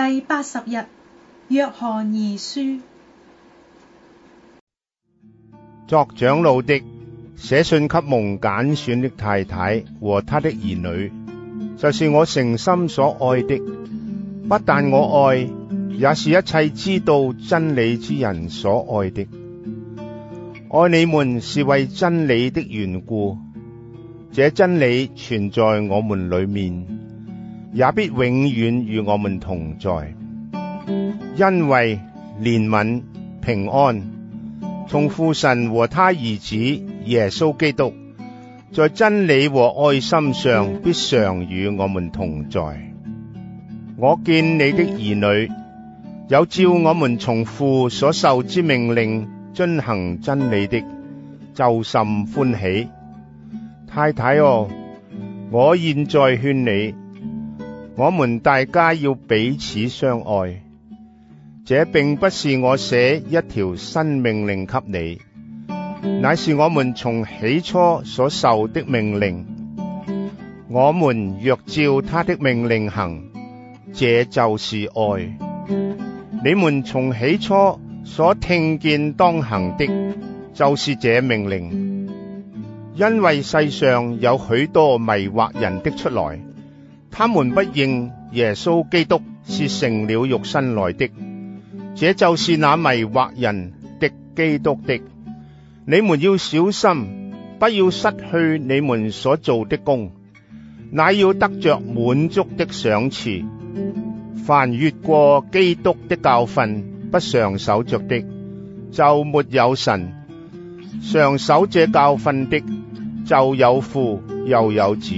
第八十日，約翰二書。作長老的寫信給蒙揀選的太太和他的兒女，就是我誠心所愛的。不但我愛，也是一切知道真理之人所愛的。愛你們是為真理的緣故，這真理存在我們裏面。也必永遠與我們同在，因為憐憫、平安，從父神和他兒子耶穌基督，在真理和愛心上必常與我們同在。我見你的兒女有照我們從父所受之命令遵行真理的，就甚歡喜。太太哦，我現在勸你。我們大家要彼此相愛，這並不是我寫一條新命令給你，乃是我們從起初所受的命令。我們若照他的命令行，這就是愛。你們從起初所聽見當行的，就是這命令。因為世上有許多迷惑人的出來。他們不認耶穌基督是成了肉身來的，這就是那迷惑人的基督的。你們要小心，不要失去你們所做的工，乃要得着滿足的賞賜。凡越過基督的教訓不常守着的，就沒有神；常守這教訓的，就有父又有子。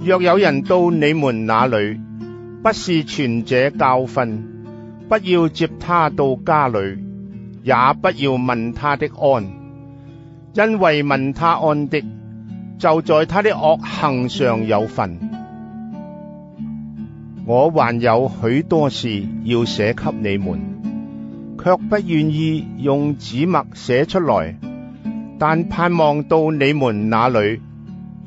若有人到你們那裏，不是傳者教訓，不要接他到家裏，也不要問他的安，因為問他安的，就在他的惡行上有份。我還有許多事要寫給你們，卻不願意用紙墨寫出來，但盼望到你們那裏。